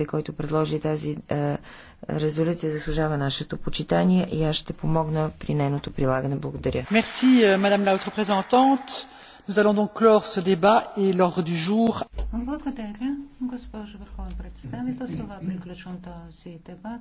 докладчиците, който предложи тази е, резолюция, заслужава нашето почитание и аз ще помогна при нейното прилагане. Благодаря. Merci, е, Nous allons donc clore ce débat et l'ordre du jour. Благодаря, госпожо Върховен представител. Това приключвам този дебат.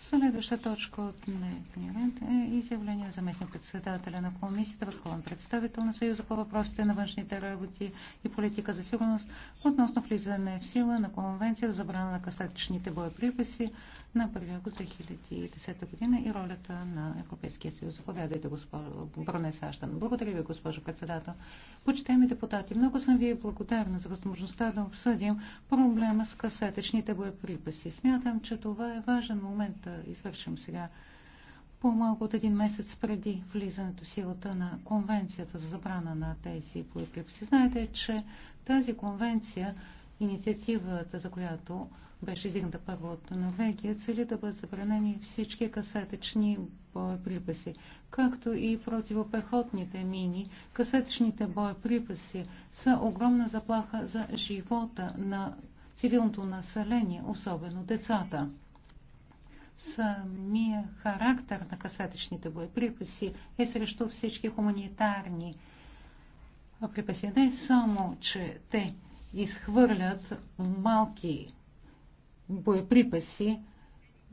Следваща точка от дневния ред е изявление за местния председателя на комисията, върховен представител на Съюза по въпросите на външните работи и политика за сигурност относно влизане в сила на Конвенция за забрана на касетъчните боеприпаси на 1 август 2010 година и ролята на Европейския съюз. Заповядайте, госпожо Броне Аштан. Благодаря ви, госпожо председател. Почитаеми депутати, много съм ви благодарна за възможността да обсъдим проблема с касетъчните боеприпаси. Смятам, че това е важен момент да извършим сега по-малко от един месец преди влизането в силата на Конвенцията за забрана на тези боеприпаси. Знаете, че тази конвенция, инициативата, за която беше издигната първо от Норвегия, цели да бъдат забранени всички касетъчни боеприпаси, както и противопехотните мини. Касетъчните боеприпаси са огромна заплаха за живота на цивилното население, особено децата самия характер на касетъчните боеприпаси е срещу всички хуманитарни припаси. Не само, че те изхвърлят малки боеприпаси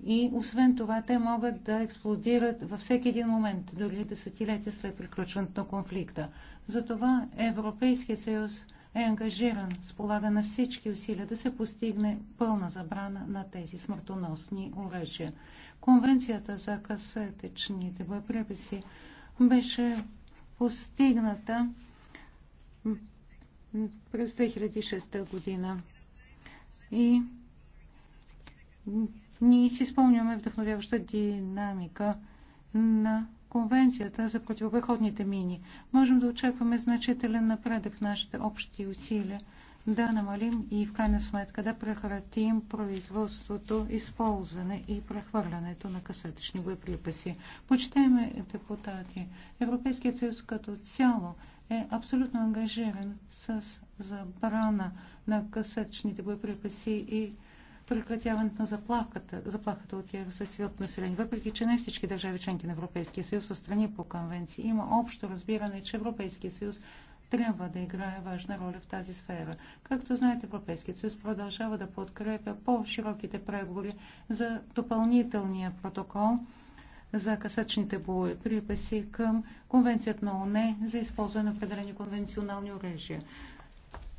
и освен това те могат да експлодират във всеки един момент, дори десетилетия след приключването на конфликта. Затова Европейският съюз е ангажиран с полага на всички усилия да се постигне пълна забрана на тези смъртоносни оръжия. Конвенцията за касетечните боеприпаси беше постигната през 2006 година. И ние си спомняме вдъхновяваща динамика на Конвенцията за противопехотните мини. Можем да очакваме значителен напредък в нашите общи усилия да намалим и в крайна сметка да прекратим производството, използване и прехвърлянето на касетъчни боеприпаси. Почитаеме депутати, Европейският съюз като цяло е абсолютно ангажиран с забрана на касетъчните боеприпаси и прекратяването на заплахата, заплахата от тях за цивилното население. Въпреки, че не всички държави членки на Европейския съюз са страни по конвенции, има общо разбиране, че Европейския съюз трябва да играе важна роля в тази сфера. Както знаете, Европейският съюз продължава да подкрепя по-широките преговори за допълнителния протокол за касачните бои, припаси към Конвенцията на ОНЕ за използване на определени конвенционални оръжия.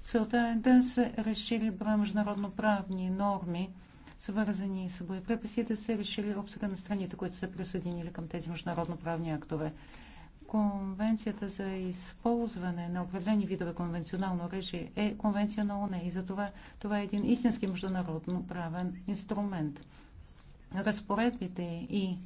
Целта е да се разшири броя международноправни норми, свързани с боеприпаси, да се разшири обсъда на страните, които са присъединили към тези международноправни актове. Конвенцията за използване на определени видове конвенционално оръжие е конвенция на ОНЕ и затова това е един истински международно правен инструмент. Разпоредбите и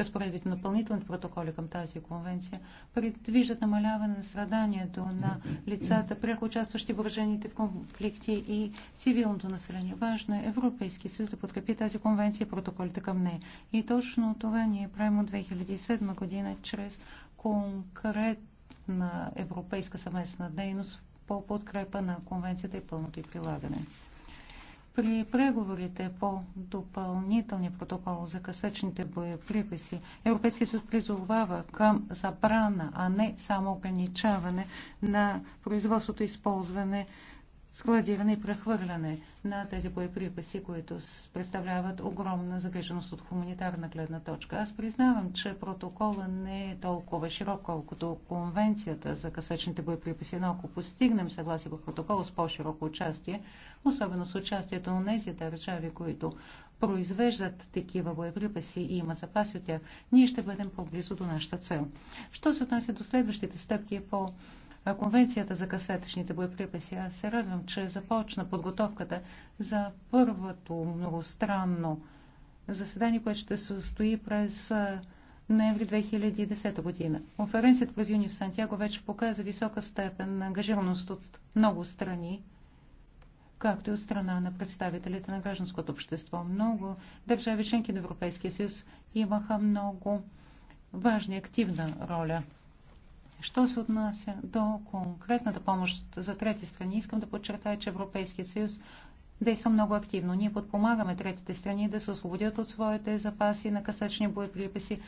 разпоредбите на пълнителните протоколи към тази конвенция предвиждат намаляване на страданието на лицата, пряко участващи в въоръжените конфликти и цивилното население. Важно е Европейски съюз да подкрепи тази конвенция и протоколите към нея. И точно това ние правим от 2007 година чрез конкретна европейска съвместна дейност по подкрепа на конвенцията и пълното й прилагане. При преговорите по допълнителния протокол за късъчните боеприпаси Европейския съюз призовава към забрана, а не само ограничаване на производството и използване складиране и прехвърляне на тези боеприпаси, които представляват огромна загриженост от хуманитарна гледна точка. Аз признавам, че протокола не е толкова широк, колкото конвенцията за касетните боеприпаси, но ако постигнем съгласие по протокола с по-широко участие, особено с участието на тези държави, които произвеждат такива боеприпаси и имат запаси от тях, ние ще бъдем по-близо до нашата цел. Що се отнася до следващите стъпки по Конвенцията за касетъчните боеприпаси. Аз се радвам, че започна подготовката за първото многостранно заседание, което ще се състои през ноември 2010 година. Конференцията през юни в Сантьяго вече показа висока степен на ангажираност от много страни, както и от страна на представителите на гражданското общество. Много държави членки на Европейския съюз имаха много важна и активна роля. Що се отнася до конкретната помощ за трети страни, искам да подчертая, че Европейският съюз действа много активно. Ние подпомагаме третите страни да се освободят от своите запаси на касачни боеприпаси,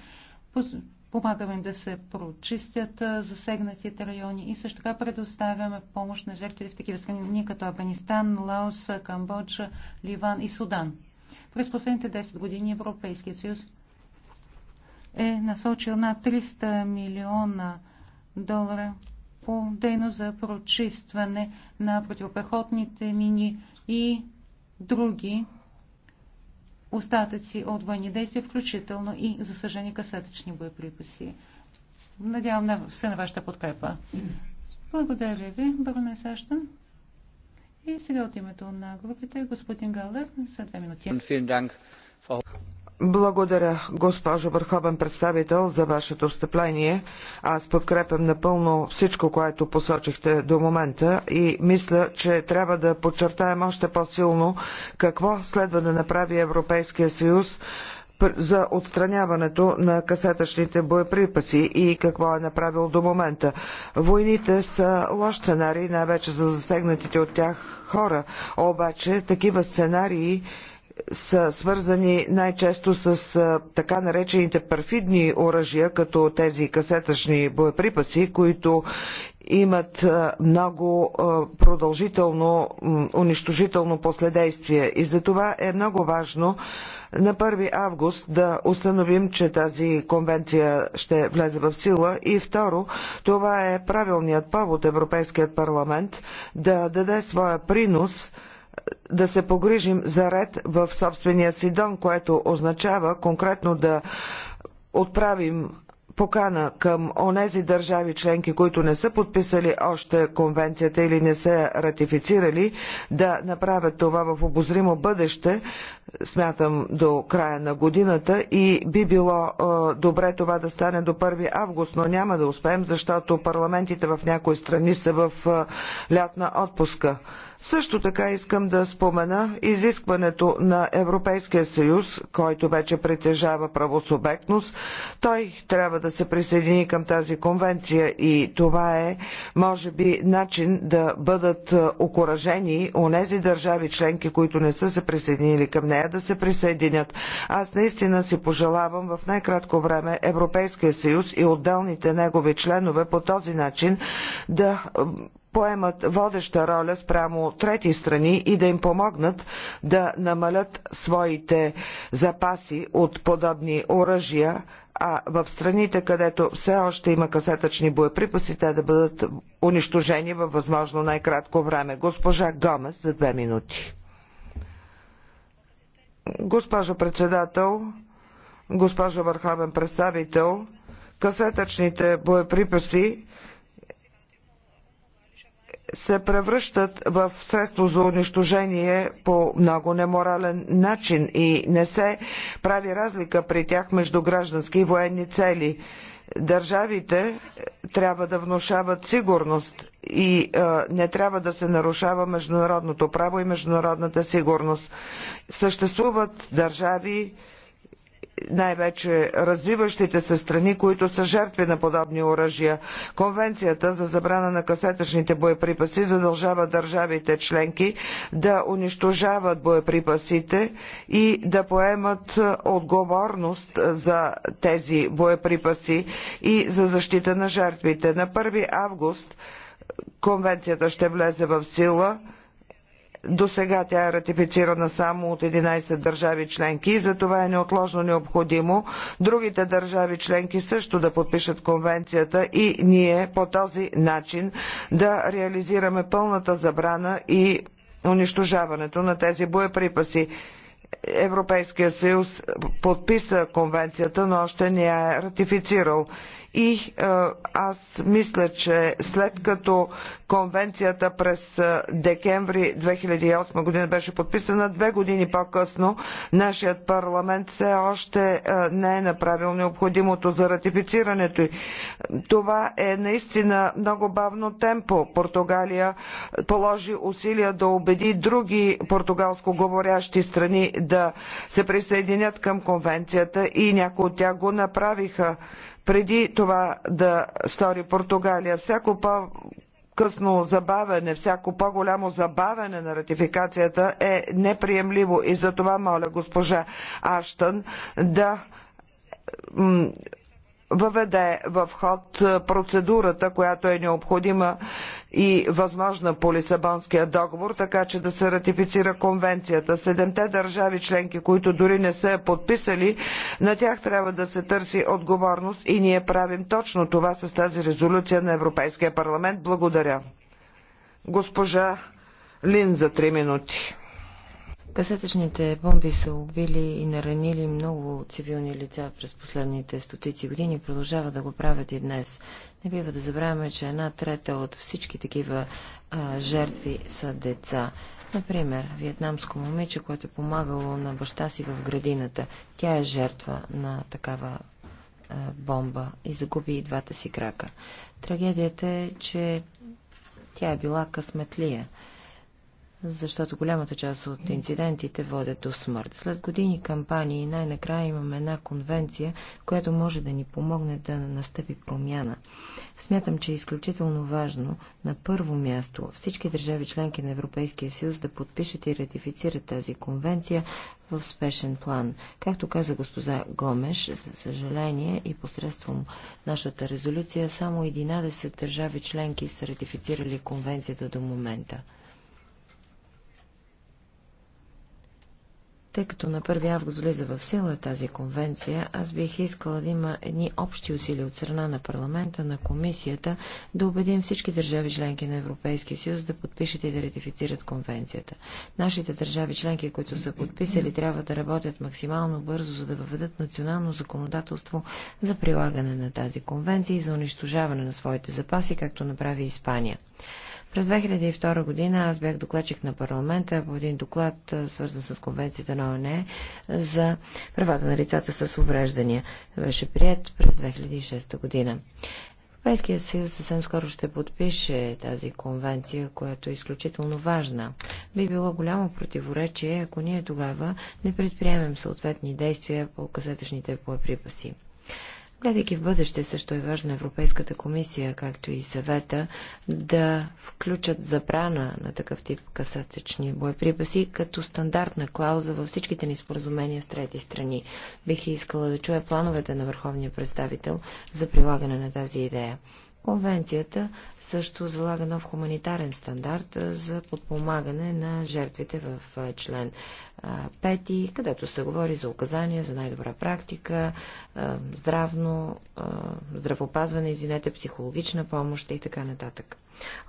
помагаме им да се прочистят засегнатите райони и също така предоставяме помощ на жертвите в такива страни, като Афганистан, Лаос, Камбоджа, Ливан и Судан. През последните 10 години Европейският съюз е насочил над 300 милиона долара по дейност за прочистване на противопехотните мини и други остатъци от военни действия, включително и, за съжени касетъчни боеприпаси. Надявам на, се на вашата подкрепа. Благодаря ви, бароне Сащан. И сега от името на групите господин Галер за две минути. Благодаря, госпожо Върховен представител, за вашето встъпление. Аз подкрепям напълно всичко, което посочихте до момента и мисля, че трябва да подчертаем още по-силно какво следва да направи Европейския съюз за отстраняването на касетъчните боеприпаси и какво е направил до момента. Войните са лош сценарий, най-вече за засегнатите от тях хора, обаче такива сценарии са свързани най-често с така наречените перфидни оръжия, като тези касетъчни боеприпаси, които имат много продължително унищожително последействие. И за това е много важно на 1 август да установим, че тази конвенция ще влезе в сила и второ, това е правилният повод Европейският парламент да даде своя принос – да се погрижим за ред в собствения си дом, което означава конкретно да отправим покана към онези държави членки, които не са подписали още конвенцията или не са ратифицирали, да направят това в обозримо бъдеще, смятам, до края на годината и би било е, добре това да стане до 1 август, но няма да успеем, защото парламентите в някои страни са в е, лятна отпуска. Също така искам да спомена изискването на Европейския съюз, който вече притежава правосубектност. Той трябва да се присъедини към тази конвенция и това е, може би, начин да бъдат окоръжени онези държави членки, които не са се присъединили към нея нея да се присъединят. Аз наистина си пожелавам в най-кратко време Европейския съюз и отделните негови членове по този начин да поемат водеща роля спрямо трети страни и да им помогнат да намалят своите запаси от подобни оръжия, а в страните, където все още има касетъчни боеприпаси, те да бъдат унищожени във възможно най-кратко време. Госпожа Гомес за две минути. Госпожо председател, госпожо върховен представител, касетъчните боеприпаси се превръщат в средство за унищожение по много неморален начин и не се прави разлика при тях между граждански и военни цели. Държавите трябва да внушават сигурност и е, не трябва да се нарушава международното право и международната сигурност. Съществуват държави, най-вече развиващите се страни, които са жертви на подобни оръжия. Конвенцията за забрана на касетъчните боеприпаси задължава държавите членки да унищожават боеприпасите и да поемат отговорност за тези боеприпаси и за защита на жертвите. На 1 август конвенцията ще влезе в сила. До сега тя е ратифицирана само от 11 държави членки и за това е неотложно необходимо другите държави членки също да подпишат конвенцията и ние по този начин да реализираме пълната забрана и унищожаването на тези боеприпаси. Европейският съюз подписа конвенцията, но още не я е ратифицирал. И е, аз мисля, че след като конвенцията през е, декември 2008 година беше подписана, две години по-късно нашият парламент все още е, не е направил необходимото за ратифицирането й. Това е наистина много бавно темпо. Португалия положи усилия да убеди други португалско говорящи страни да се присъединят към конвенцията и някои от тях го направиха преди това да стори Португалия. Всяко по късно забавяне, всяко по-голямо забавяне на ратификацията е неприемливо и за това моля госпожа Аштън да въведе в ход процедурата, която е необходима и възможна по Лисабонския договор, така че да се ратифицира конвенцията. Седемте държави членки, които дори не са я подписали, на тях трябва да се търси отговорност и ние правим точно това с тази резолюция на Европейския парламент. Благодаря. Госпожа Лин за три минути. Касетъчните бомби са убили и наранили много цивилни лица през последните стотици години и продължават да го правят и днес. Не бива да забравяме, че една трета от всички такива а, жертви са деца. Например, вьетнамско момиче, което е помагало на баща си в градината. Тя е жертва на такава а, бомба и загуби и двата си крака. Трагедията е, че тя е била късметлия защото голямата част от инцидентите водят до смърт. След години кампании най-накрая имаме една конвенция, която може да ни помогне да настъпи промяна. Смятам, че е изключително важно на първо място всички държави членки на Европейския съюз да подпишат и ратифицират тази конвенция в спешен план. Както каза госпожа Гомеш, за съжаление и посредством нашата резолюция, само 11 държави членки са ратифицирали конвенцията до момента. Тъй като на 1 август влиза в сила тази конвенция, аз бих искала да има едни общи усилия от страна на парламента, на комисията, да убедим всички държави членки на Европейския съюз да подпишат и да ратифицират конвенцията. Нашите държави членки, които са подписали, трябва да работят максимално бързо, за да въведат национално законодателство за прилагане на тази конвенция и за унищожаване на своите запаси, както направи Испания. През 2002 година аз бях докладчик на парламента по един доклад, свързан с конвенцията на ОНЕ за правата на лицата с увреждания. Беше прият през 2006 година. Европейския съюз съвсем скоро ще подпише тази конвенция, която е изключително важна. Би било голямо противоречие, ако ние тогава не предприемем съответни действия по касетъчните боеприпаси. Гледайки в бъдеще, също е важно Европейската комисия, както и съвета, да включат забрана на такъв тип касатъчни боеприпаси като стандартна клауза във всичките ни споразумения с трети страни. Бих искала да чуя плановете на върховния представител за прилагане на тази идея. Конвенцията също залага нов хуманитарен стандарт за подпомагане на жертвите в член пети, където се говори за указания за най-добра практика, здравно, здравопазване, извинете, психологична помощ и така нататък.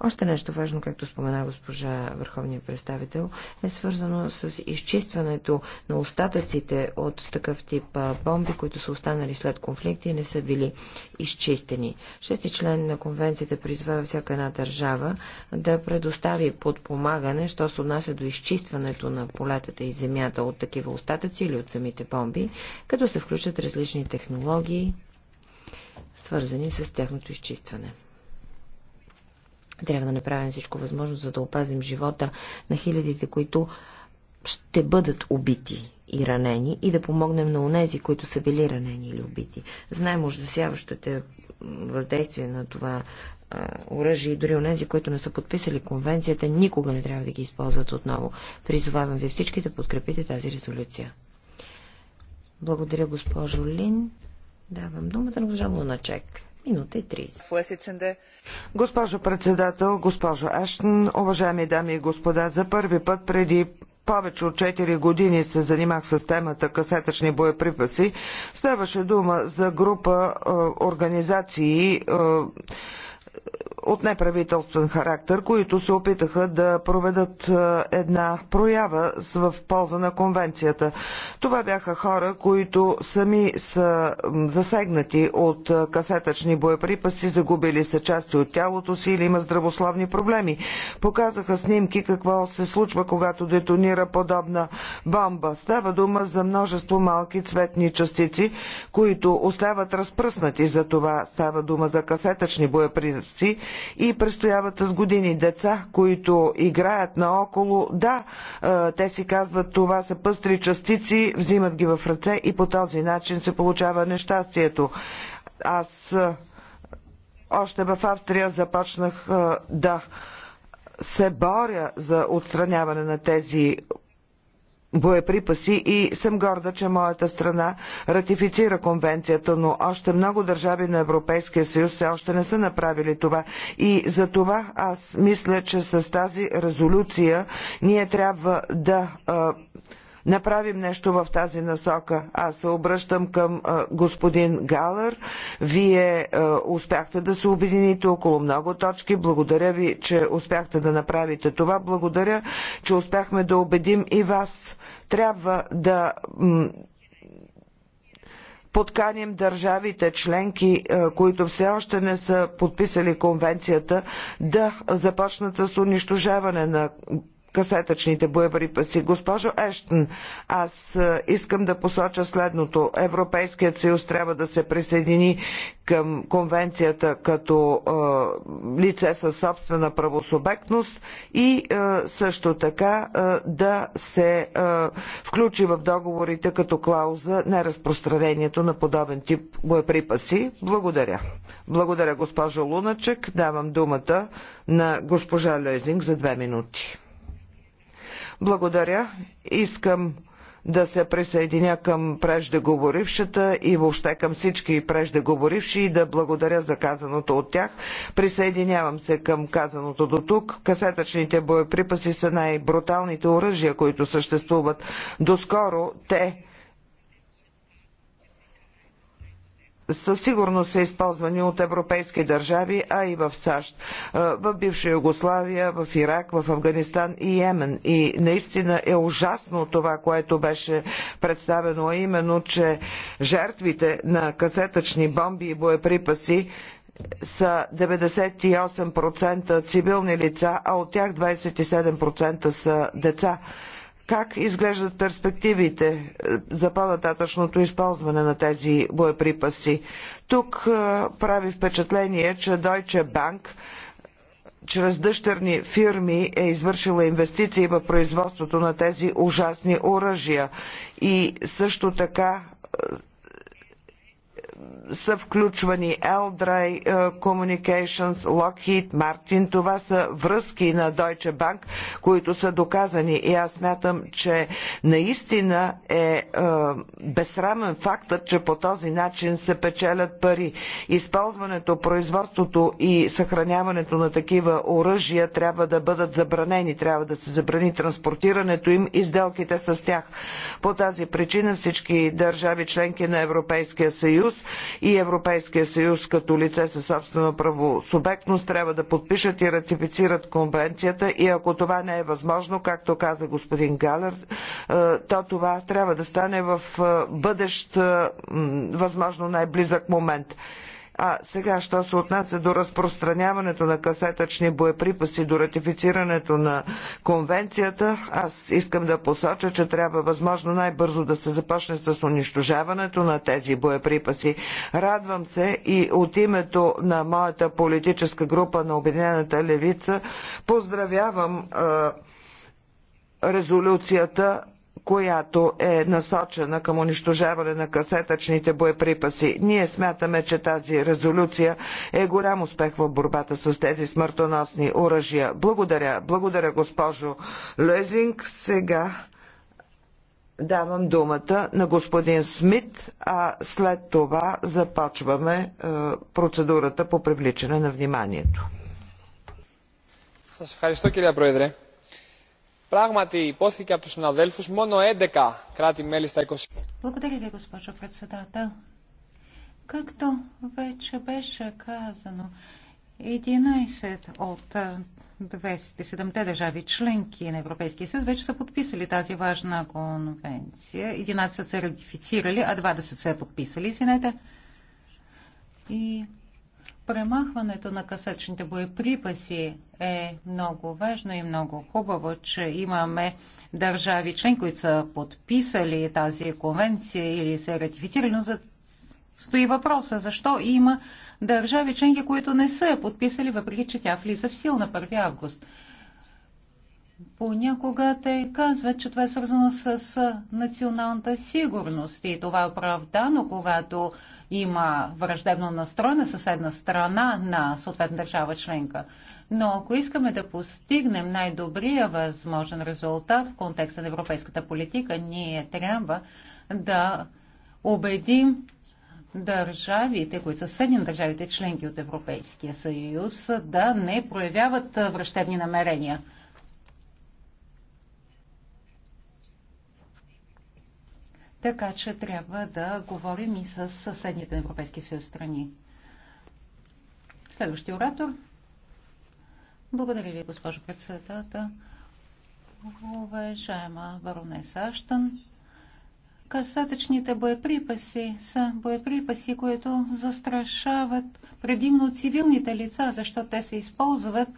Още нещо важно, както спомена госпожа Върховния представител, е свързано с изчистването на остатъците от такъв тип бомби, които са останали след конфликти и не са били изчистени. Шести член на конвенцията призвава всяка една държава да предостави подпомагане, що се отнася до изчистването на полетата и земята от такива остатъци или от самите бомби, като се включат различни технологии, свързани с тяхното изчистване. Трябва да направим всичко възможно, за да опазим живота на хилядите, които ще бъдат убити и ранени и да помогнем на онези, които са били ранени или убити. Знаем ужасяващите въздействие на това оръжие и дори онези, които не са подписали конвенцията, никога не трябва да ги използват отново. Призовавам ви всички да подкрепите тази резолюция. Благодаря, госпожо Лин. Давам думата на госпожа Луначек. Минута и 30. Госпожо председател, госпожо Ашн, уважаеми дами и господа, за първи път преди повече от 4 години се занимах с темата касетъчни боеприпаси. Ставаше дума за група е, организации, е, от неправителствен характер, които се опитаха да проведат е, една проява в полза на конвенцията. Това бяха хора, които сами са засегнати от е, касетъчни боеприпаси, загубили са части от тялото си или има здравословни проблеми. Показаха снимки какво се случва, когато детонира подобна бомба. Става дума за множество малки цветни частици, които остават разпръснати. За това става дума за касетъчни боеприпаси, и престояват с години деца, които играят наоколо. Да, те си казват това са пъстри частици, взимат ги в ръце и по този начин се получава нещастието. Аз още в Австрия започнах да се боря за отстраняване на тези боеприпаси и съм горда, че моята страна ратифицира конвенцията, но още много държави на Европейския съюз все още не са направили това. И за това аз мисля, че с тази резолюция ние трябва да направим нещо в тази насока. Аз се обръщам към господин Галер. Вие успяхте да се обедините около много точки. Благодаря ви, че успяхте да направите това. Благодаря, че успяхме да убедим и вас. Трябва да подканим държавите членки, които все още не са подписали конвенцията, да започнат с унищожаване на касетъчните боеприпаси. Госпожо Ештън, аз искам да посоча следното. Европейският съюз трябва да се присъедини към конвенцията като е, лице със собствена правосубектност и е, също така е, да се включи в договорите като клауза неразпространението на подобен тип боеприпаси. Благодаря. Благодаря, госпожо Луначек. Давам думата на госпожа Лезинг за две минути. Благодаря. Искам да се присъединя към преждеговорившата и въобще към всички преждеговоривши и да благодаря за казаното от тях. Присъединявам се към казаното до тук. Касетъчните боеприпаси са най-бруталните оръжия, които съществуват. Доскоро те със сигурност са използвани от европейски държави, а и в САЩ, е, в бивша Югославия, в Ирак, в Афганистан и Йемен. И наистина е ужасно това, което беше представено, а именно, че жертвите на касетъчни бомби и боеприпаси са 98% цивилни лица, а от тях 27% са деца как изглеждат перспективите е, за по-нататъчното използване на тези боеприпаси. Тук е, прави впечатление, че Deutsche Bank е, чрез дъщерни фирми е извършила инвестиции в производството на тези ужасни оръжия и също така са включвани Елдрай Communications, Lockheed Martin. Това са връзки на Deutsche Bank, които са доказани и аз смятам, че наистина е, е безсрамен фактът, че по този начин се печелят пари. Използването, производството и съхраняването на такива оръжия трябва да бъдат забранени, трябва да се забрани транспортирането им и сделките с тях. По тази причина всички държави членки на Европейския съюз и Европейския съюз като лице със собствено правосубектност трябва да подпишат и ратифицират конвенцията и ако това не е възможно, както каза господин Галер, е, то това трябва да стане в е, бъдещ е, възможно най-близък момент. А сега, що се отнася до разпространяването на касетъчни боеприпаси, до ратифицирането на конвенцията, аз искам да посоча, че трябва възможно най-бързо да се започне с унищожаването на тези боеприпаси. Радвам се и от името на моята политическа група на Обединената левица поздравявам резолюцията която е насочена към унищожаване на касетъчните боеприпаси. Ние смятаме, че тази резолюция е голям успех в борбата с тези смъртоносни оръжия. Благодаря, благодаря госпожо Лезинг. Сега давам думата на господин Смит, а след това започваме е, процедурата по привличане на вниманието. Σας ευχαριστώ проедре. Πράγματι υπόθηκε από τους συναδέλφους μόνο 11 κράτη-μέλη στα 20. Благодаря ви, госпожо председател. Както вече беше казано, 11 от 207 държави членки на Европейския съюз вече са подписали тази важна конвенция. 11 са ратифицирали, а 20 са е подписали, извинете. И Премахването на касачните боеприпаси е много важно и много хубаво, че имаме държави член, които са подписали тази конвенция или се е ратифицирали, но за... стои въпроса защо има държави членки, които не са подписали, въпреки че тя влиза в сил на 1 август. Понякога те казват, че това е свързано с националната сигурност и това е оправдано, когато има враждебно настроена съседна страна на съответна държава членка. Но ако искаме да постигнем най-добрия възможен резултат в контекста на европейската политика, ние трябва да убедим държавите, които са съседни на държавите членки от Европейския съюз, да не проявяват враждебни намерения. Така че трябва да говорим и с съседните на Европейски съюз страни. Следващия оратор. Благодаря ви, госпожо председател. Уважаема баронеса Аштън, касатъчните боеприпаси са боеприпаси, които застрашават предимно цивилните лица, защото те се използват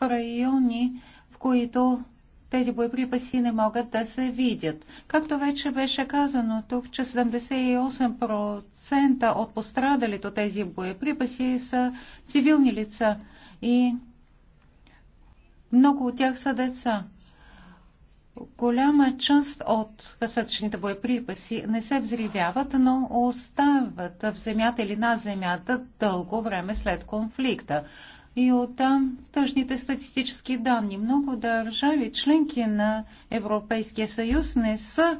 в райони, в които тези боеприпаси не могат да се видят. Както вече беше казано тук, че 78% от пострадалите от тези боеприпаси са цивилни лица и много от тях са деца. Голяма част от късъчните боеприпаси не се взривяват, но остават в земята или на земята дълго време след конфликта и оттам тъжните статистически данни. Много държави, членки на Европейския съюз, не са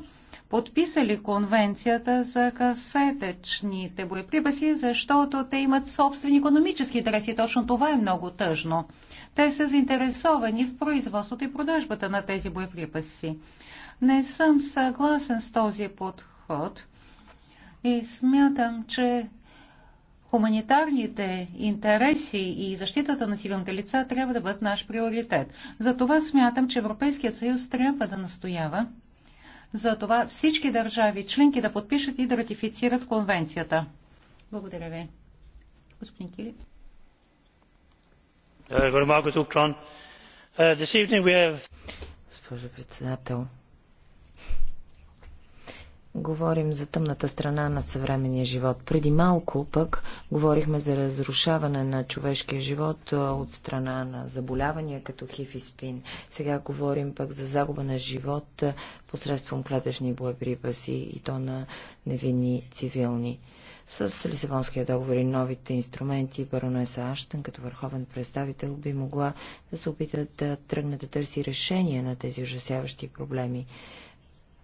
подписали конвенцията за касетъчните боеприпаси, защото те имат собствени економически интереси. Точно това е много тъжно. Те са заинтересовани в производството и продажбата на тези боеприпаси. Не съм съгласен с този подход и смятам, че Хуманитарните интереси и защитата на цивилните лица трябва да бъдат наш приоритет. Затова смятам, че Европейският съюз трябва да настоява за това всички държави членки да подпишат и да ратифицират конвенцията. Благодаря ви. Господин Кили. Госпожо председател, говорим за тъмната страна на съвременния живот. Преди малко пък говорихме за разрушаване на човешкия живот от страна на заболявания като хив и спин. Сега говорим пък за загуба на живот посредством клетъчни боеприпаси и то на невинни цивилни. С Лисабонския договор и новите инструменти баронеса Аштън като върховен представител би могла да се опита да тръгне да търси решение на тези ужасяващи проблеми.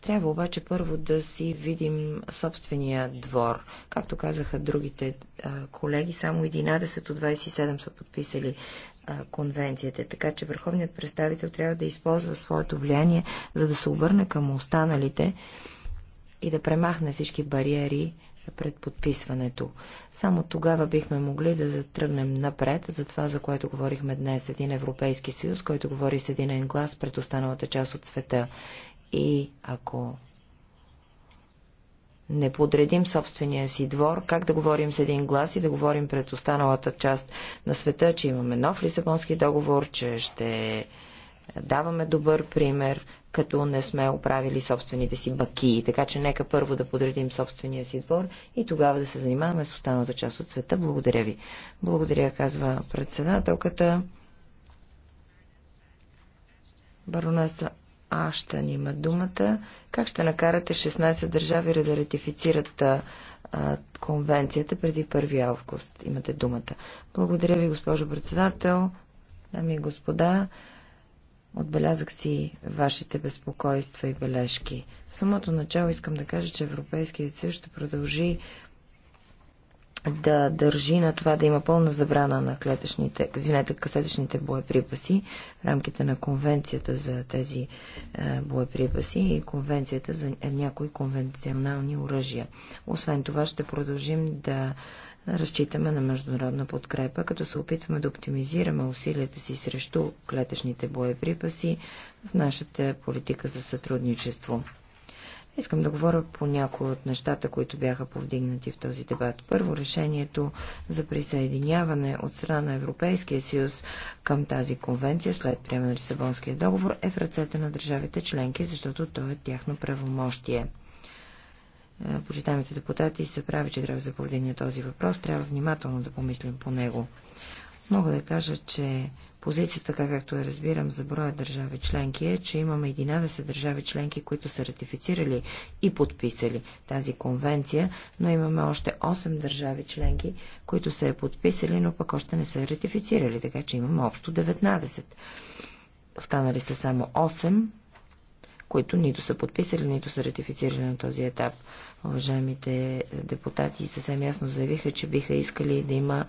Трябва обаче първо да си видим собствения двор. Както казаха другите а, колеги, само 11 от 27 са подписали а, конвенцията, така че върховният представител трябва да използва своето влияние, за да се обърне към останалите и да премахне всички бариери пред подписването. Само тогава бихме могли да тръгнем напред за това, за което говорихме днес. Един Европейски съюз, който говори с един глас пред останалата част от света. И ако не подредим собствения си двор, как да говорим с един глас и да говорим пред останалата част на света, че имаме нов Лисабонски договор, че ще даваме добър пример, като не сме оправили собствените си баки. Така че нека първо да подредим собствения си двор и тогава да се занимаваме с останалата част от света. Благодаря ви. Благодаря, казва председателката. Баронеса Аштън има думата. Как ще накарате 16 държави да ратифицират а, конвенцията преди 1 август? Имате думата. Благодаря ви, госпожо председател. Дами и господа, отбелязах си вашите безпокойства и бележки. В самото начало искам да кажа, че Европейският съюз ще продължи да държи на това да има пълна забрана на клетъчните, извинете, касетъчните боеприпаси в рамките на конвенцията за тези е, боеприпаси и конвенцията за някои конвенционални оръжия. Освен това ще продължим да разчитаме на международна подкрепа, като се опитваме да оптимизираме усилията си срещу клетъчните боеприпаси в нашата политика за сътрудничество. Искам да говоря по някои от нещата, които бяха повдигнати в този дебат. Първо, решението за присъединяване от страна на Европейския съюз към тази конвенция след приема на Лисабонския договор е в ръцете на държавите членки, защото то е тяхно правомощие. Е, почитаемите депутати се прави, че трябва да повдигне този въпрос. Трябва внимателно да помислим по него. Мога да кажа, че Позицията, така както я разбирам за броя държави членки, е, че имаме 11 държави членки, които са ратифицирали и подписали тази конвенция, но имаме още 8 държави членки, които са я подписали, но пък още не са я ратифицирали, така че имаме общо 19. Останали са само 8, които нито са подписали, нито са ратифицирали на този етап. Уважаемите депутати съвсем ясно заявиха, че биха искали да има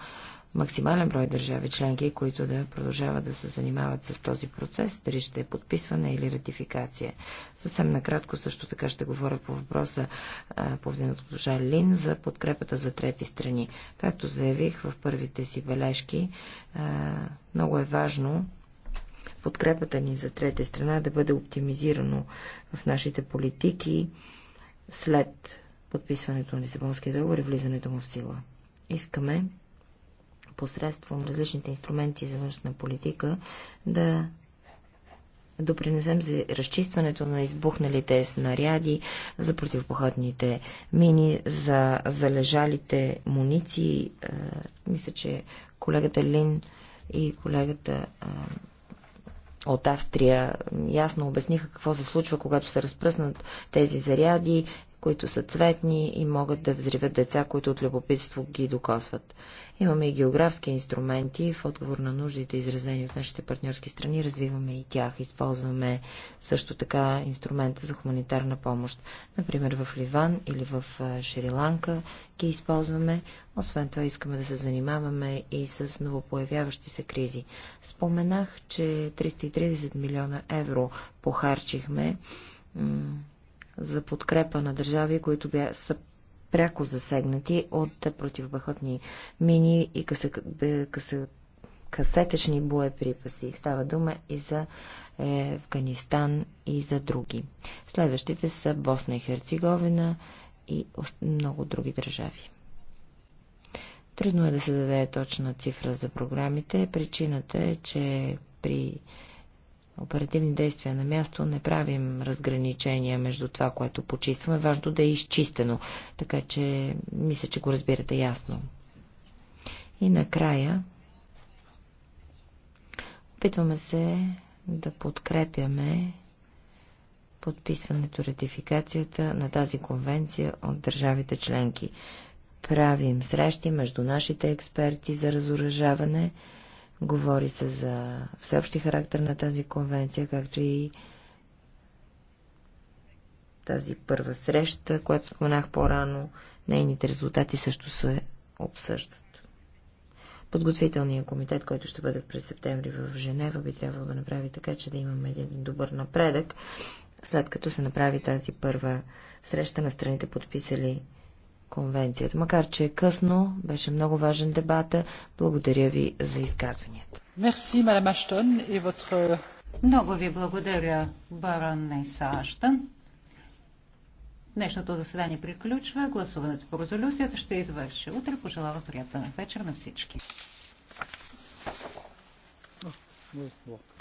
максимален брой държави членки, които да продължават да се занимават с този процес, дали ще е подписване или ратификация. Съвсем накратко също така ще говоря по въпроса по от госпожа Лин за подкрепата за трети страни. Както заявих в първите си бележки, много е важно подкрепата ни за трета страна да бъде оптимизирано в нашите политики след подписването на Лисабонския договор и влизането му в сила. Искаме посредством различните инструменти за външна политика да допринесем за разчистването на избухналите снаряди, за противопоходните мини, за залежалите муниции. Е, мисля, че колегата Лин и колегата е, от Австрия ясно обясниха какво се случва, когато се разпръснат тези заряди, които са цветни и могат да взривят деца, които от любопитство ги докосват. Имаме и географски инструменти в отговор на нуждите, изразени от нашите партньорски страни, развиваме и тях. Използваме също така инструмента за хуманитарна помощ. Например, в Ливан или в Шри-Ланка ги използваме. Освен това, искаме да се занимаваме и с новопоявяващи се кризи. Споменах, че 330 милиона евро похарчихме за подкрепа на държави, които бя, са пряко засегнати от противопехотни мини и късе, късе, касетъчни боеприпаси. Става дума и за е, Афганистан и за други. Следващите са Босна и Херцеговина и много други държави. Трудно е да се даде точна цифра за програмите. Причината е, че при оперативни действия на място не правим разграничения между това, което почистваме. Важно да е изчистено, така че мисля, че го разбирате ясно. И накрая опитваме се да подкрепяме подписването, ратификацията на тази конвенция от държавите членки. Правим срещи между нашите експерти за разоръжаване, Говори се за всеобщи характер на тази конвенция, както и тази първа среща, която споменах по-рано, нейните резултати също се обсъждат. Подготвителният комитет, който ще бъде през септември в Женева, би трябвало да направи така, че да имаме един добър напредък, след като се направи тази първа среща на страните подписали конвенцията. Макар, че е късно, беше много важен дебата. Благодаря ви за изказванията. Мерси, мадам Аштон, и votre... Много ви благодаря, баронеса Аштън. Днешното заседание приключва. Гласуването по резолюцията ще извърши. Утре пожелава приятен вечер на всички. Oh,